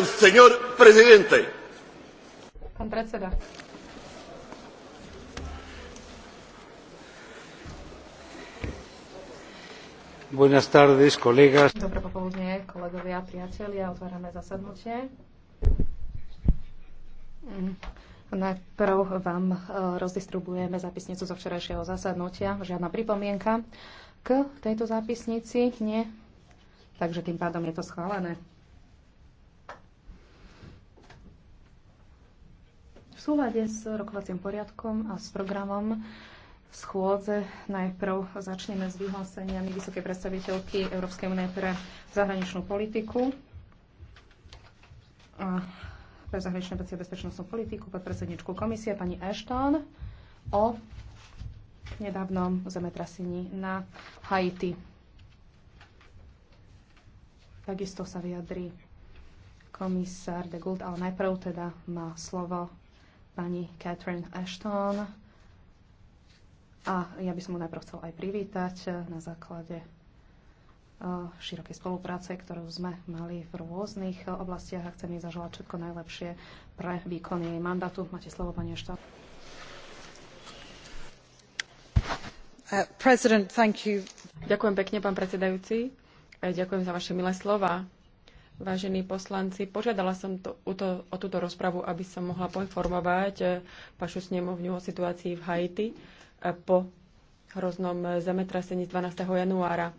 señor presidente. Pán predseda. Buenas tardes, colegas. Dobré popoludne, kolegovia, priatelia. Otvárame zasadnutie. Najprv vám eh, rozdistribujeme zápisnicu zo včerajšieho zasadnutia. Žiadna pripomienka k tejto zápisnici? Nie. Takže tým pádom je to schválené. V súlade s rokovacím poriadkom a s programom schôdze najprv začneme s vyhláseniami vysokej predstaviteľky Európskej únie pre zahraničnú politiku a pre zahraničnú veci a bezpečnostnú politiku pod predsedničku komisie pani Ashton o nedávnom zemetrasení na Haiti. Takisto sa vyjadrí komisár de Gult, ale najprv teda má slovo pani Catherine Ashton. A ja by som ho najprv chcel aj privítať eh, na základe eh, širokej spolupráce, ktorú sme mali v rôznych eh, oblastiach a chcem jej zaželať všetko najlepšie pre výkon jej mandátu. Máte slovo, pani uh, Ešta. Ďakujem pekne, pán predsedajúci. Ďakujem za vaše milé slova. Vážení poslanci, požiadala som to, o, to, o túto rozpravu, aby som mohla poinformovať eh, vašu snemovňu o situácii v Haiti eh, po hroznom eh, zemetrasení z 12. januára.